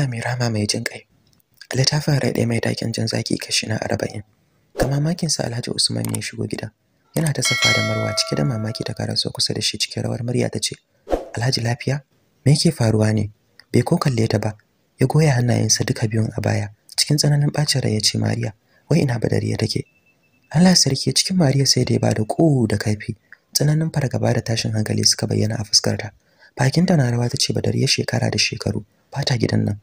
Allah mai rama mai jin kai littafin raɗe mai taken jin zaki kashi na arba'in ga mamakinsa Alhaji Usman ne shigo gida yana ta safa da Marwa cike da mamaki ta karaso kusa da shi cikin rawar murya ta ce Alhaji lafiya me yake faruwa ne bai ko kalle ta ba ya goya hannayensa duka biyun a baya cikin tsananin bacin rai ya ce Mariya wai ina badariya take Allah sarki cikin Mariya sai da ya bada ku da kaifi tsananin fargaba da tashin hankali suka bayyana a fuskarta bakinta na rawa ta ce badariya shekara da shekaru ba ta gidan nan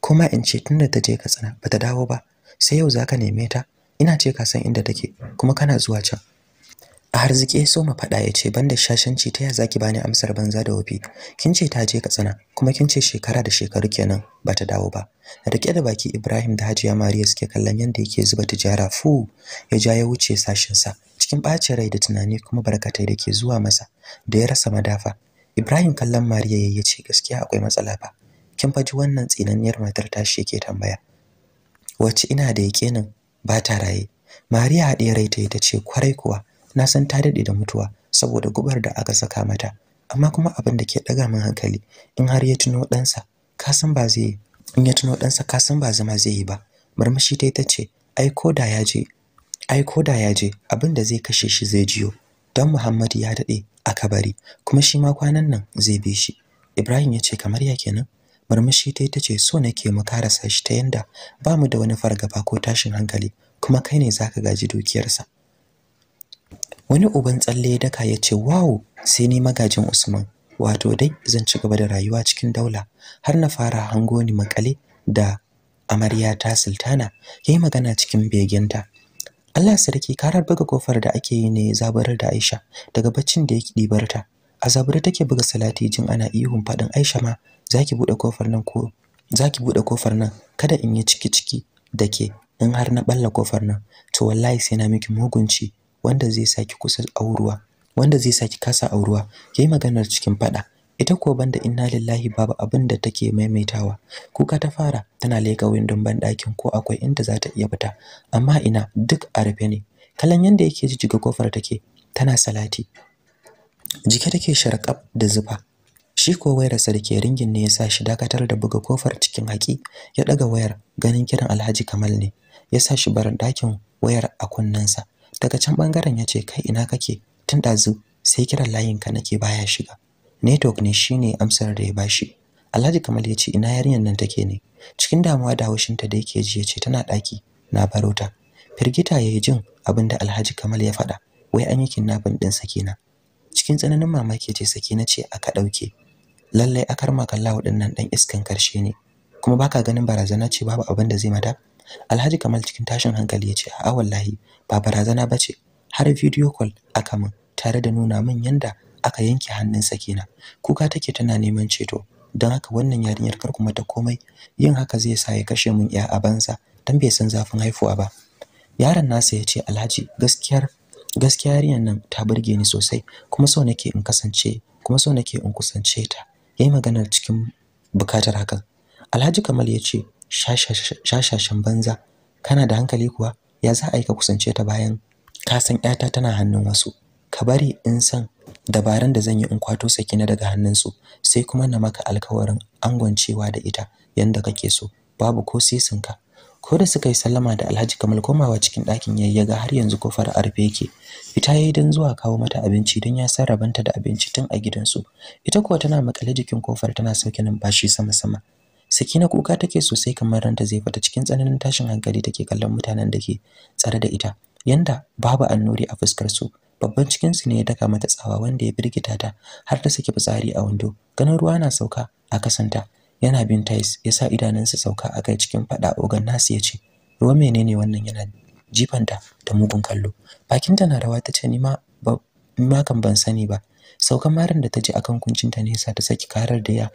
kuma in ce tunda ta je Katsina ta dawo ba sai yau zaka neme ta ina ce ka san inda take kuma kana zuwa can a harzike so ma faɗa ya ce banda shashanci ta ya zaki bani amsar banza da wofi kin ce ta je Katsina kuma kin ce shekara da shekaru kenan ba ta dawo ba rike da baki Ibrahim da Hajiya Mariya suke kallon yanda yake zuba tijara fu ya ja ya wuce sashin sa cikin bacin rai da tunani kuma barkatai da ke zuwa masa da ya rasa madafa Ibrahim kallon Mariya yayi ce gaskiya akwai matsala ba. kin faji wannan tsinanniyar matar ta shi yake tambaya wacce ina da yakinin ba ta raye Mariya haɗe rai ta yi ta ce kwarai kuwa na san ta daɗe da mutuwa saboda gubar da aka saka mata amma kuma abin da ke ɗaga min hankali in har ya tuno ɗansa ka san ba zai in ya tuno ɗansa ka san ba zama zai yi ba murmushi ta ta ce ai ko da ya je ai ko da ya je abin da zai kashe shi zai jiyo don Muhammad ya daɗe a kabari kuma shi ma kwanan nan zai bi shi Ibrahim ya ce kamar ya kenan murmushi ta ta ce so nake mu karasa shi ta yanda ba mu da wani fargaba ko tashin hankali kuma kai ne zaka gaji dukiyarsa wani uban tsalle ya daka ya ce wow sai ni magajin usman wato dai zan ci gaba da rayuwa cikin daula har na fara hango ni makale da amarya ta sultana yayi magana cikin begenta Allah sarki karar buga kofar da ake yi ne zabarar da Aisha daga baccin da yake dibarta a take buga salati jin ana ihun faɗin Aisha ma zaki bude kofar nan ko zaki bude kofar nan kada in yi ciki ciki da ke in har na balla kofar nan to wallahi sai na miki mugunci wanda zai saki kusa auruwa wanda zai saki kasa auruwa yayi maganar cikin fada ita ko banda inna lillahi babu abin da take maimaitawa kuka ta fara tana leka windon banɗakin ko akwai inda za ta iya fita amma ina duk a rufe ne kalan yanda yake jijjiga kofar take tana salati jike take sharqab da zuba shi ko wayar sarki ringin ne ya sa shi dakatar da buga kofar cikin haƙi ya daga wayar ganin kiran Alhaji Kamal ne ya sa shi barin dakin wayar a kunnensa daga can bangaren ya ce kai ina kake tun ɗazu sai kiran layin ka nake baya shiga network ne shine amsar da ya bashi Alhaji Kamal ya ce ina yarinyar nan take ne cikin damuwa da haushinta da yake ji ya ce tana ɗaki na baro ta firgita ya jin abinda Alhaji Kamal ya faɗa wai an yi kidnapping ɗinsa kenan cikin tsananin mamaki ce Sakina ce aka ɗauke lallai akar makallahu din dinnan dan iskan karshe ne kuma baka ganin barazana ce babu abin da zai mata Alhaji Kamal cikin tashin hankali ya ce a'a wallahi ba barazana ba ce. har video call aka min tare da nuna min yanda aka yanke hannunsa kenan kuka take tana neman ceto don haka wannan yarinyar kar kuma ta komai yin haka zai sa ya kashe mun ya abansa dan bai san zafin haifuwa ba yaron nasa ya ce Alhaji gaskiyar gaskiya yarinyar nan ta burge ni sosai kuma so nake in kasance kuma so nake in kusance ta ya yi maganar cikin bukatar hakan alhaji kamal ya ce shashashen banza kana da hankali kuwa ya za a yi ka kusance ta bayan ka san ƴata tana hannun wasu ka bari in san dabaran da zan yi in kwato Saki na daga hannunsu sai kuma na maka alkawarin angoncewa da ita yanda kake so babu ko sisinka ko da suka yi sallama da Alhaji Kamal komawa cikin ɗakin yayi ga har yanzu kofar a rufe yake fita yayi dan zuwa kawo mata abinci don ya san rabanta da abinci tun a gidansu ita kuwa tana makale jikin kofar tana sauke numfashi sama sama Saki na kuka take sosai kamar ranta zai fita cikin tsananin tashin hankali take kallon mutanen da ke tsare da ita yanda babu annuri a fuskar su babban cikin su ne ya daka mata tsawa wanda ya birgita ta har ta saki fitsari a wando ganin ruwa na sauka a kasanta yana bin tais ya sa idanunsa sauka a kai cikin fada ogan nasu ya ce Ruwa menene wannan yana jifanta ta mugun kallo bakinta na rawa ta ce ni ma kan ban sani ba saukan marin da ta ji akan kuncinta ne sa ta saki karar da ya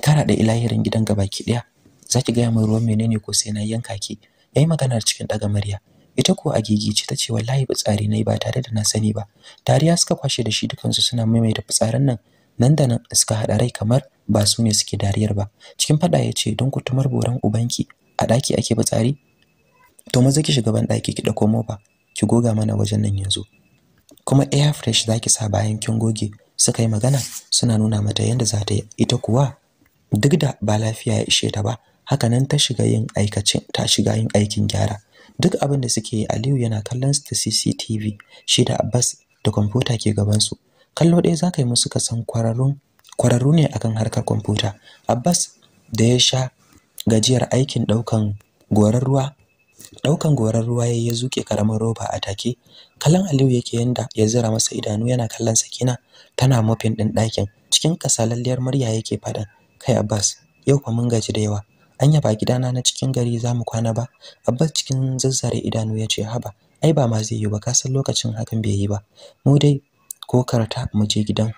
kara da ilahirin gidan gaba ki daya zaki gaya min ruwa menene ko sai na yanka ki yayi magana cikin daga murya ita ko agigici ta ce wallahi tsari nayi ba tare da na sani ba tariya suka kwashe da shi dukansu suna maimaita fitsarin nan nan da nan suka hada rai kamar ba su ne suke dariyar ba cikin fada ya ce don kutumar boran ubanki a daki ake tsari? to maza ki shiga ban daki ki dauko mofa ki goga mana wajen nan yanzu kuma air fresh zaki sa bayan kin goge suka yi magana suna nuna mata yadda za ta ita kuwa duk da ba lafiya ya ishe ta ba haka nan ta shiga yin aikacin ta shiga yin aikin gyara duk abin da suke yi Aliyu yana kallon su ta CCTV shi da Abbas da kwamfuta ke gaban su kallo ɗaya za ka yi musu kasan kwararrun kwararru ne akan harkar kwamfuta Abbas da ya sha gajiyar aikin ɗaukan gorar ruwa daukan gorar ruwa yayi ya zuke karamin roba a take kallon Aliyu yake yanda ya zira masa idanu yana kallon Sakina tana mafin ɗin ɗakin cikin kasalalliyar murya yake faɗan kai Abbas yau fa mun gaji da yawa an ba gidana na cikin gari za mu kwana ba Abbas cikin zazzare idanu ya ce haba ai ba ma zai yi ba kasan lokacin hakan bai yi ba mu dai ko karata mu je gidan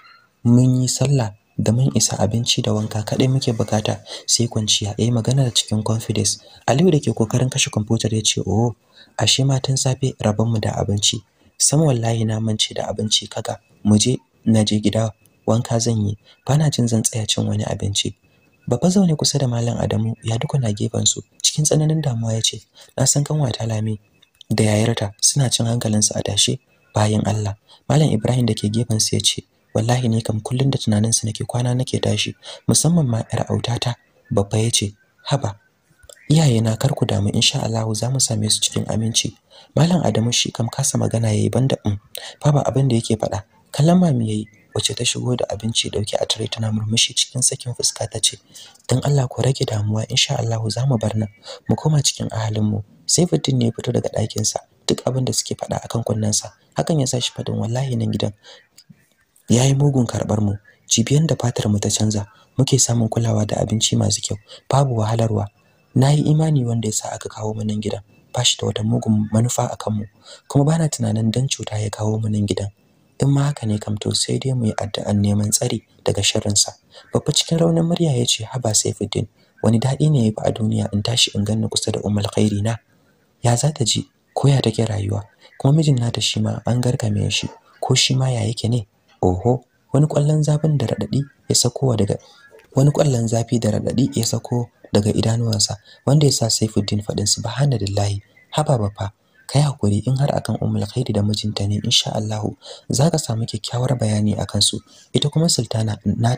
mun yi sallah da mun isa abinci da wanka kadai muke bukata sai kwanciya yayi magana da cikin confidence Aliyu da ke kokarin kashe kwamfutar ya ce oh ashe matan tun safe rabon mu da abinci sam wallahi na mance da abinci kaga mu je na je gida wanka zan yi bana jin zan tsaya cin wani abinci Baba zaune kusa da Malam Adamu ya duka na gefen su cikin tsananin damuwa ya ce na san kanwata Lami da yayarta suna cin hankalinsu a tashe bayan Allah Malam Ibrahim da ke gefen sa ya ce wallahi ne kam kullun da tunanin sa nake kwana nake tashi musamman ma yar autata babba yace haba iyaye na kar ku damu insha Allah za mu same su cikin aminci malam Adamu shi kam kasa magana yayi banda um mm, baba abin da yake faɗa kalama mami yayi wace ta shigo da abinci dauke a tare tana murmushi cikin sakin fuska ta ce dan Allah ku rage damuwa insha Allah za mu bar nan mu koma cikin ahalin mu fitin ne ya fito daga ɗakin sa duk abin da suke faɗa akan kunnensa hakan ya sa shi fadin wallahi nan gidan ya yi mugun karɓar mu cibiyan da fatar mu ta canza muke samun kulawa da abinci masu kyau babu wahalarwa na yi imani wanda ya sa aka kawo mu nan gidan ba shi da wata mugun manufa a kanmu kuma bana tunanin dan cuta ya kawo mu nan gidan in ma haka ne kam to sai dai mu yi addu'an neman tsari daga sharrinsa babba cikin raunin murya ya ce haba saifuddin wani daɗi ne ya fi a duniya in tashi in ganni kusa da umar khairi na ya za ta ji ko ya take rayuwa kuma mijin nata shi ma an garkame shi ko shi ma ya yake ne oho wani kwallon zafin da radadi ya sako daga wani kwallon zafi da radadi ya sako daga idanuwansa wanda ya sa Saifuddin fadin subhanallahi haba bafa kai hakuri in har akan Ummul Khairi da mijinta ne insha Allah zaka samu kyakkyawar bayani akan su ita kuma sultana na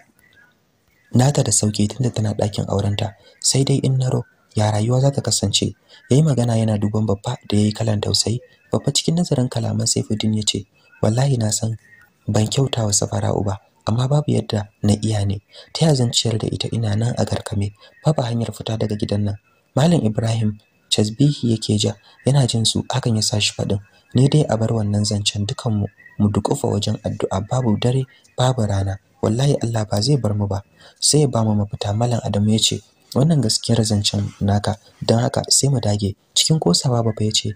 nata da sauke tunda tana ɗakin aurenta sai dai in naro ya rayuwa za ta kasance yayi magana yana duban babba da yayi kalan tausayi babba cikin nazarin kalaman Saifuddin yace wallahi na san ban kyauta wa safara'u ba amma babu yadda na iya ne ta ya zan ciyar da ita ina nan a garkame babu hanyar fita daga gidan nan malam ibrahim casbihi yake ja yana jin su hakan ya sa shi faɗin ni dai a bar wannan zancen dukanmu mu dukufa wajen addu'a babu dare babu rana wallahi Allah ba zai bar mu ba sai ya ba mu mafita malam Adamu ya ce wannan gaskiyar zancen naka don haka sai mu dage cikin kosawa baba ya ce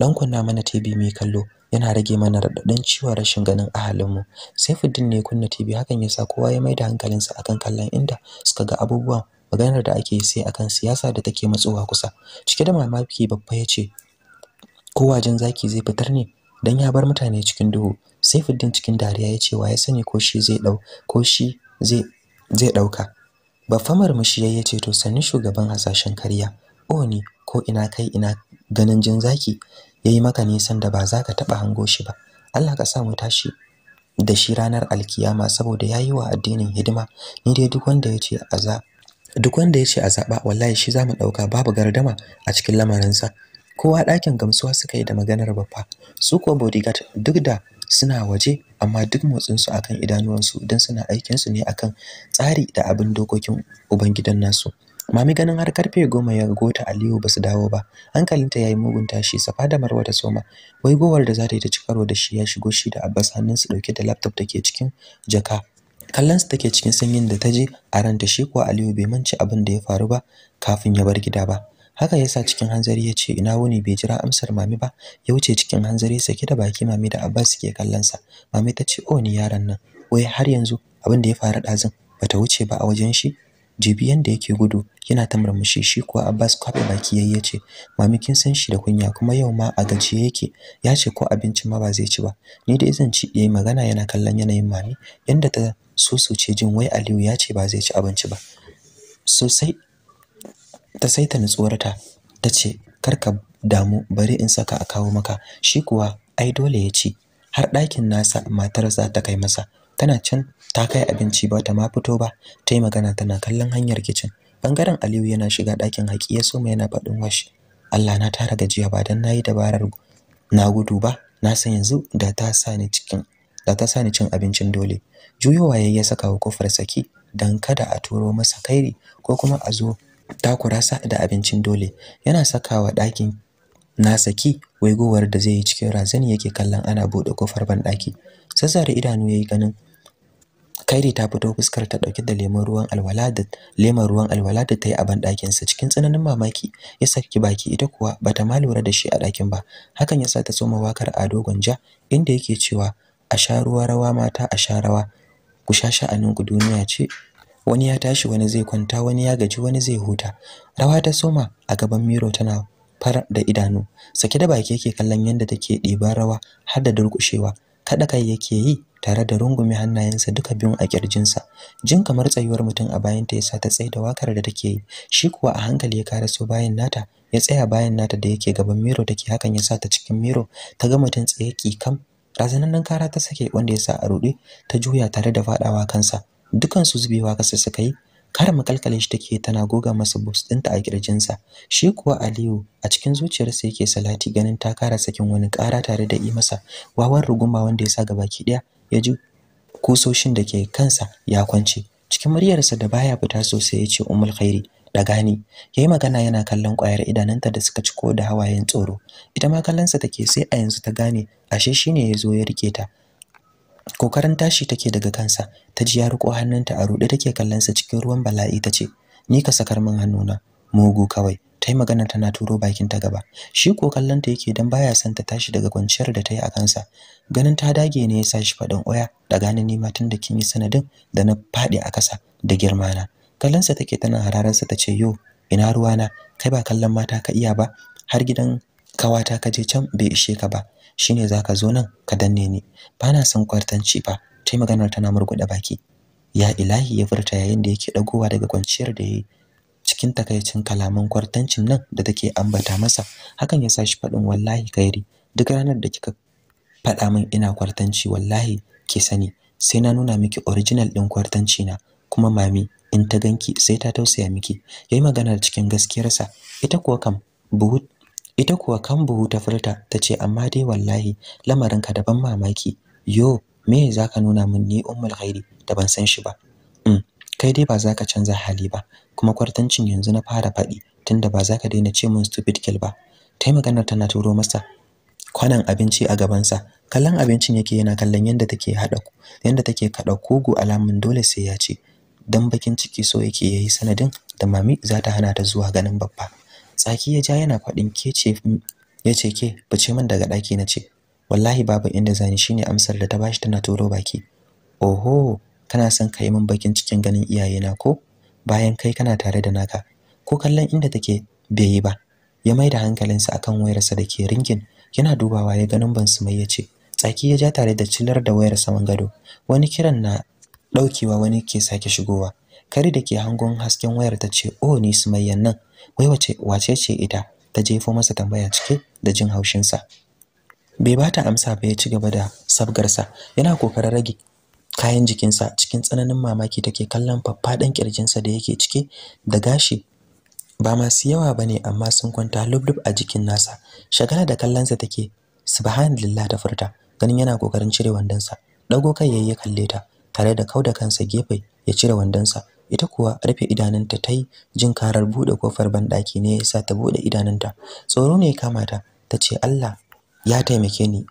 ɗan kunna mana TV mai kallo yana rage mana raɗaɗin ciwon rashin ganin ahalinmu saifuddin ne kunna tv hakan yasa kowa ya maida hankalinsa akan kallon inda suka ga abubuwan maganar da ake sai akan siyasa da take matsowa kusa cike da mamaki babba yace ce ko wajen zaki zai fitar ne dan ya bar mutane cikin duhu Sai saifuddin cikin dariya ya ce wa ya sani ko shi zai dau ko shi zai zai dauka baffa marmushi ya ce to sanin shugaban hasashen karya oni ko ina kai ina ganin jin zaki Ya yi maka nisan da ba za ka taɓa hango shi ba Allah ka sa mu tashi da shi ranar alkiyama saboda yayi wa addinin hidima ni dai duk wanda yace aza duk wanda yace a zaɓa? wallahi shi zamu ɗauka. babu gardama a cikin lamarinsa kowa ɗakin gamsuwa suka yi da maganar baffa su ko bodyguard duk da suna waje amma duk motsin su akan idanuwansu don suna aikin su ne akan tsari da abin dokokin ubangidan nasu Mami ganin har karfe goma ya gota Aliyu ba su dawo ba. Hankalinta ya yi mugun tashi safa da Marwa ta soma. Wai gowar da za ta yi ta ci da shi ya shigo shi da Abbas hannunsu ɗauke da laptop da ke cikin jaka. Kallonsu take cikin sanyin da ta je a ranta shi kuwa Aliyu bai manci abin da ya faru ba kafin ya bar gida ba. Haka ya sa cikin hanzari ya ce ina wuni bai jira amsar mami ba ya wuce cikin hanzari sake da baki mami da Abbas suke kallonsa. Mami ta ce o oh, ni yaron nan wai har yanzu abin da ya faru ɗazun ta wuce ba a wajen shi jibi yanda yake gudu yana ta murmushi shi kuwa Abbas kwafe baki yayi yace mami kin san shi da kunya kuma yau ma a gajiye yake ya ce ko abinci ma ba zai ci ba ni da zan ci yayi magana yana kallon yanayin mami yanda ta susuce jin wai Aliyu ya ce ba zai ci abinci ba sosai ta saita nutsuwarta ta ce karka damu bari in saka a kawo maka shi kuwa ai dole ya ci har ɗakin nasa matar za ta kai masa tana can ta kai abinci ba ta ma fito ba ta yi magana tana kallon hanyar kicin bangaren aliyu yana shiga ɗakin haƙi ya soma yana faɗin washi allah na tara gajiya ba don na yi dabarar na gudu ba na san yanzu da ta sa ni cikin da ta sa ni cin abincin dole juyowa yayi ya saka wa kofar saki dan kada a turo masa kairi ko kuma a zo takura sa da abincin dole yana saka wa ɗakin na saki waigowar da zai yi cikin razani yake kallon ana buɗe kofar banɗaki sassare idanu yayi ganin Kairi ta fito fuskar ta dauke da lemon ruwan alwala da lemon ruwan alwala da tayi a banɗakin sa cikin tsananin mamaki ya saki baki ita kuwa bata ma lura da shi a dakin ba hakan yasa ta soma wakar Ado Gwanja inda yake cewa a sha ruwa rawa mata a sha rawa ku sha sha'anin ku duniya ce wani ya tashi wani zai kwanta wani ya gaji wani zai huta rawa ta soma a gaban miro tana far da idanu sake da baki yake kallon yadda take ɗiban rawa har da durƙushewa kada kai yake yi tare da rungume hannayensa duka biyun a kirjinsa jin kamar tsayuwar mutum a bayanta ya yasa ta tsai da wakar da take yi shi kuwa a hankali ya karaso bayan nata ya tsaya bayan nata da yake gaban miro take hakan yasa ta cikin miro ta ga mutum tsaye kam nan, kara ta sake wanda ya sa a rude ta juya tare da faɗawa kansa dukansu zubewa kasa suka yi kar makalkale shi take tana goga masa boost ta a kirjinsa shi kuwa Aliyu a cikin zuciyarsa yake salati ganin ta kara sakin wani kara tare da yi masa wawan ruguma wanda ya gabaki ɗaya ya ji kusoshin da ke kansa ya kwance cikin muryarsa da baya fita sosai ya ce umul khairi da gani yayi magana yana kallon ƙwayar idananta da suka ciko da hawayen tsoro ita ma kallonsa take sai a yanzu ta gane ashe shine ya zo ya rike ta kokarin tashi take daga kansa ta ji ya riko hannunta a ruɗe take kallonsa cikin ruwan bala'i ta ce ni ka sakar min hannuna mugu kawai tai magana tana turo bakin ta gaba shi ko kallonta yake dan baya son ta tashi daga kwanciyar da ta yi a kansa ganin ta dage ne ya sa shi faɗin oya da gani nima tun da kin yi sanadin da na fadi a kasa. da girma na kallonsa take tana harararsa ta ce yo ina ruwa na? kai ba kallon mata ka iya ba har gidan kawata ka je can bai ishe ka ba shine zaka zo nan ka danne ni ba na son kwartanci fa tai maganar tana murguɗa baki ya ilahi ya furta yayin da yake dagowa daga kwanciyar da yayi cikin takaicin kalaman kwartancin nan da take ambata masa hakan ya sa shi faɗin wallahi kairi duk ranar da kika faɗa min ina kwartanci wallahi ki sani sai na nuna miki original ɗin kwartanci na kuma mami in ta ganki sai ta tausaya miki yayi magana cikin gaskiyarsa ita kuwa kam buhu ita kuwa kan buhu ta furta tace amma dai wallahi lamarinka daban mamaki yo me zaka nuna min ni ummul khairi da ban san shi ba kai dai ba za ka canza hali ba kuma kwartancin yanzu na fara faɗi tunda ba za ka daina ce mun stupid kill ba tai maganar tana turo masa kwanan abinci a gabansa kallon abincin yake yana kallon yadda take haɗa yadda take kaɗa kugu alamun dole sai ya ce dan bakin ciki so yake yayi sanadin da mami za ta hana ta zuwa ganin babba tsaki ya ja yana faɗin ke ce ya ce ke bace min daga ɗaki na ce wallahi babu inda zani shine amsar da ta bashi tana turo baki oho kana son ka yi min bakin cikin ganin iyayena ko bayan kai kana tare da naka ko kallon inda take bai yi ba ya mai da hankalinsa akan wayarsa da ke ringin yana dubawa ya ganin ban su mai ya ce tsaki ya ja tare da cilar da wayar saman gado wani kiran na daukewa wani ke sake shigowa kari da ke hangon hasken wayar ta ce oh ni su mai nan wai wace wace ce ita ta jefo masa tambaya cike da jin haushinsa bai bata amsa ba ya ci gaba da sabgarsa yana kokarin rage kayan jikinsa cikin tsananin mamaki take kallon faffaɗan ƙirjinsa da yake cike da gashi ba masu yawa ba ne amma sun kwanta lub a jikin nasa shagala da kallonsa take subhanallah ta furta ganin yana kokarin cire wandonsa dago kai yayi kalle ta tare da kauda kansa gefe ya cire wandonsa ita kuwa rufe idanunta ta yi jin karar buɗe kofar banɗaki ne ya sa ta buɗe idanunta tsoro ne kama ta ta ce Allah ya taimake ni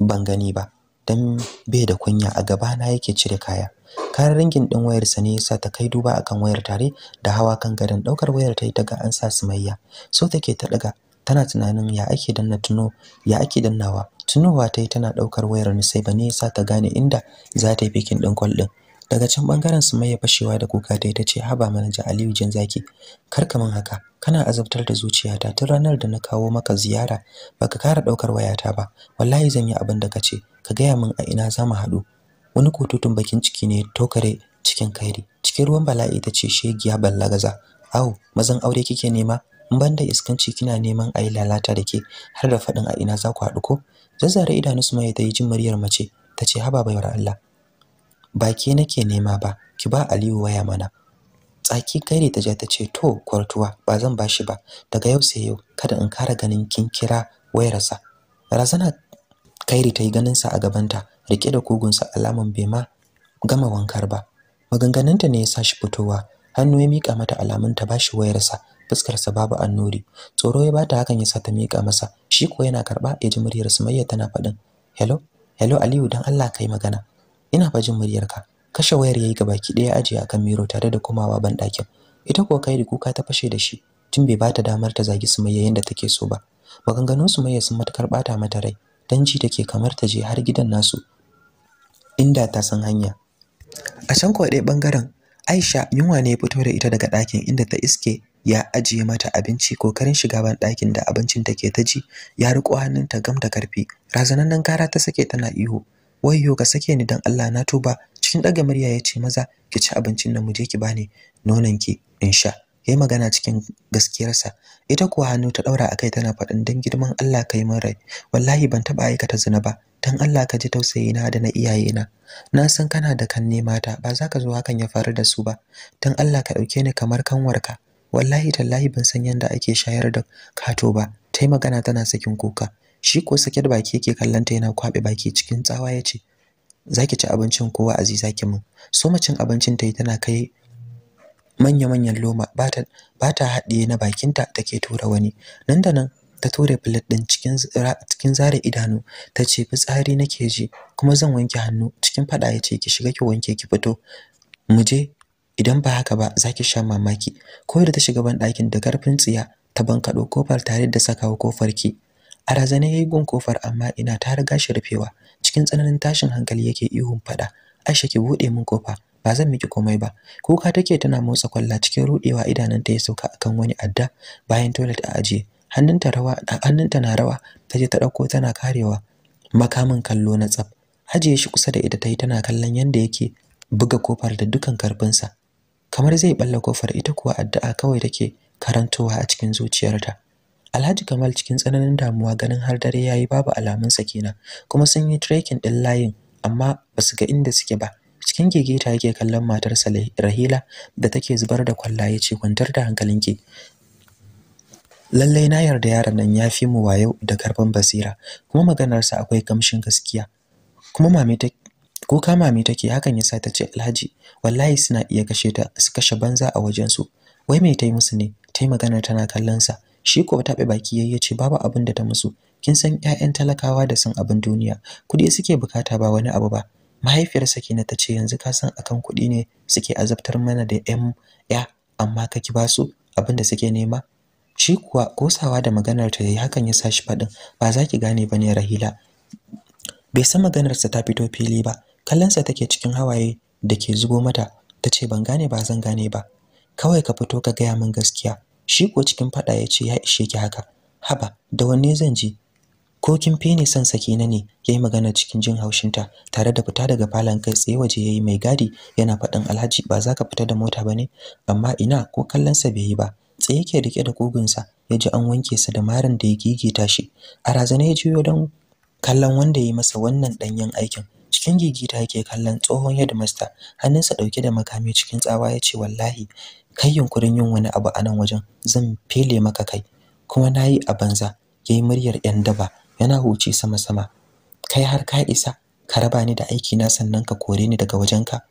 ban gani ba dan bai da kunya a gaba na yake cire kaya kayan ringin din wayar sa ne yasa ta kai duba akan wayar tare da hawa kan gadon daukar wayar ta ta ga an sa su mayya. so take ta daga tana tunanin ya ake danna tuno ya ake dannawa tunowa ta yi tana daukar wayar ne sai bane yasa ta gane inda za ta yi bikin din kwal din daga can bangaren mai fashewa da kuka ta ce haba manaja Aliyu jin zaki kar kaman haka kana azabtar da zuciyata tun ranar da na kawo maka ziyara baka kara daukar wayata ba wallahi zan yi abin da kace ka gaya min a ina za mu haɗu wani kututun bakin ciki ne tokare cikin kairi cikin ruwan bala'i ta ce shegiya ballagaza au mazan aure kike nema in banda iskanci kina neman ayi lalata da ke har da faɗin a ina za ku haɗu ko zazzare idanu mai ta yi jin muryar mace ta ce haba baiwar Allah ba ke nake nema ba ki ba Aliyu waya mana tsaki Kairi ta je ta ce to kwartuwa ba zan bashi ba daga yau sai yau kada in kara ganin kin kira wayarsa razana Kairi ta yi ganin sa a gabanta rike da kugun sa alaman bai ma gama wankar ba maganganunta ne ya sa shi fitowa hannu ya mika mata alamun ta bashi wayarsa fuskarsa babu annuri tsoro ya bata hakan ya sa ta mika masa shi ko yana karba ya ji muryar Sumayya tana faɗin hello hello Aliyu dan Allah kai magana ina fa jin muryarka kashe wayar yayi gabaki daya aje akan miro tare da kumawa ban dakin ita ko kairi kuka ta fashe da shi tun bai bata damar ta zagi Sumayya yanda take so ba maganganun Sumayya sun matakar bata mata rai dan ji take kamar ta je har gidan nasu inda ta san hanya a can ko dai bangaren Aisha yunwa ne ya fito da ita daga ɗakin inda ta iske ya ajiye mata abinci kokarin shiga ban dakin da abincin take ta ji ya riko hannunta gam da karfi razanannen kara ta sake tana ihu wayyo ka sake ni dan Allah na tuba cikin daga murya ya ce maza ki ci abincin nan mu je ki bani nonon ki in sha yayi magana cikin gaskiyarsa ita kuwa hannu ta daura akai tana faɗin dan girman Allah kai min rai wallahi ban taba aikata zina ba dan Allah ka ji tausayi na da na iyaye na na san kana da kan mata ba za ka zo hakan ya faru da su ba dan Allah ka dauke ni kamar kanwarka wallahi tallahi ban san yanda ake shayar da kato ba tai magana tana sakin kuka shi ko da baki yake kallanta yana kwabe baki cikin tsawa yace zaki ci abincin kowa aziza ki mun so macin abincin tayi tana kai manya manyan loma bata bata haɗiye na bakinta take tura wani nan da nan ta tura plate din cikin cikin zare idanu tace ce fitsari nake ji kuma zan wanke hannu cikin fada yace ki shiga ki wanke ki fito muje idan ba haka ba zaki sha mamaki ko da ta shiga ban dakin da karfin tsiya ta bankaɗo kofar tare da sakawa kofar ki a razane yayi gun kofar amma ina ta riga shi rufewa cikin tsananin tashin hankali yake ihun faɗa. Aisha ki bude min kofa ba zan miki komai ba kuka take tana motsa kwalla cikin rudewa ta ya sauka akan wani adda bayan toilet a ajiye. hannunta rawa hannunta na rawa taje ta ɗauko tana karewa makamin kallo na tsaf ajiye shi kusa da ita tayi tana kallon yanda yake buga kofar da dukan karfinsa kamar zai balla kofar ita kuwa addu'a kawai take karantowa a cikin zuciyarta Alhaji Kamal cikin tsananin damuwa ganin har dare yayi babu alamun sa kenan kuma sun yi trekking din layin amma basu ga inda suke ba cikin gegeta yake kallon matar sa Rahila da take zubar da kwallaye ce kwantar da hankalinki lallai na yarda yaran nan ya fi mu wayo da karfin basira kuma maganarsa akwai kamshin gaskiya kuma mami ta ko ka mami take hakan yasa ta ce Alhaji wallahi suna iya kashe ta su kashe banza a wajen su wai me tai musu ne tai maganar tana kallon sa shi ko taɓe baki yayi yace babu abin da ta musu kin san ƴaƴan talakawa da san abin duniya kuɗi suke bukata ba wani abu ba mahaifiyar sakina ta ce yanzu ka san akan kuɗi ne suke azabtar mana da ƴan ya amma ka ki basu abin da suke nema shi kuwa kosawa da maganar ta yayi hakan ya sa shi faɗin ba za ki gane bane rahila bai san maganarsa ta fito fili ba Kallon sa take cikin hawaye da ke zubo mata tace ban gane ba zan gane ba kawai ka fito ka gaya min gaskiya shi ko cikin fada ya ce ya ishe ki haka haba da wanne zan je ko kin fi ni son sakina ne yayi magana cikin jin haushinta tare da fita daga falon kai tsaye waje yayi mai gadi yana faɗin Alhaji ba za ka fita da mota ba ne? amma ina ko kallon sa bai yi ba tsaye yake rike da sa ya ji an wanke sa da marin da ya gigita shi a razana ya jiyo don kallon wanda ya yi masa wannan danyen aikin cikin gigita yake kallon tsohon masta. hannunsa dauke da makami cikin tsawa ya ce wallahi kai yunkurin yin wani abu a nan wajen zan fele maka kai kuma na yi a banza yayi muryar yan daba yana huce sama sama kai har ka isa ka raba ni da aiki na sannan ka kore ni daga wajen ka.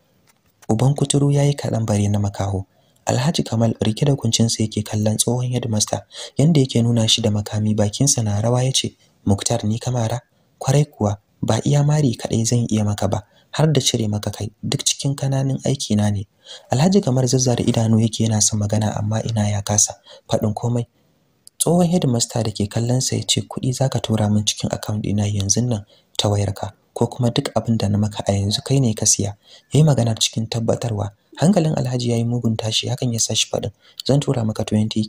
uban kuturu yayi kaɗan bare na makaho Alhaji Kamal rike da kuncinsa yake kallon tsohon headmaster yanda yake nuna shi da makami bakinsa na rawa ya ce. Muktar ni kamara kwarai kuwa ba iya mari kaɗai zan iya maka ba har da cire maka kai duk cikin kananan aiki na ne Alhaji kamar zazzar idanu yake yana son magana amma ina ya kasa faɗin komai tsohon headmaster da ke kallon sa ya ce kuɗi zaka tura min cikin account ɗina yanzu nan ta wayarka ko kuma duk abin da na maka a yanzu kai ne ka siya yayi maganar cikin tabbatarwa hankalin Alhaji ya yi mugun tashi hakan ya sa shi faɗin zan tura maka 20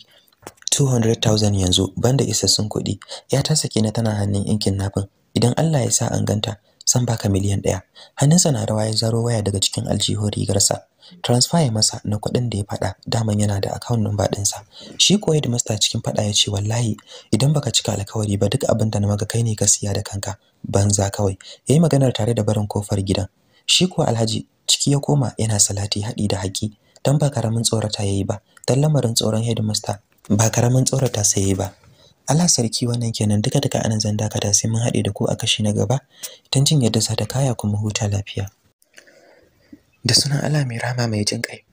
200,000 yanzu banda isassun kuɗi ya ta sake na tana hannun inkin nafin idan Allah ya sa an ganta san baka miliyan ɗaya hannunsa na rawa ya zaro waya daga cikin aljihun rigarsa transfer ya masa na kuɗin da ya faɗa daman yana da account number ɗinsa shi koyi da master cikin faɗa ya ce wallahi idan baka cika alkawari ba duk abin da na maka kai ne ka siya da kanka banza kawai yayi maganar tare da barin kofar gidan shi ko alhaji ciki ya koma yana salati haɗi da haƙi dan ba karamin tsorata yayi ba dan lamarin tsoron headmaster ba karamin tsorata sai yayi ba Allah sarki wannan kenan duka duka anan zan dakata sai mun haɗe da ku a kashi na gaba Tun jin yadda za ta kaya kuma huta lafiya da sunan Allah mai rama mai jin kai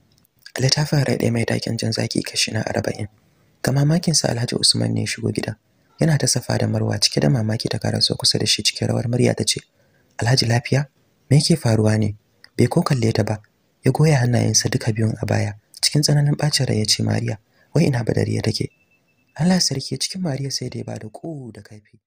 littafin raɗe mai dakin jan zaki kashi na arba'in ga sa Alhaji Usman ne shigo gida yana ta safa da Marwa cike da mamaki ta karaso kusa da shi cikin rawar murya ta ce Alhaji lafiya me yake faruwa ne bai ko kalle ta ba ya goya hannayensa duka biyun a baya cikin tsananin bacin rai ya ce Mariya wai ina badariya take Allah sarki cikin Mariya sai dai ba da ku da kaifi.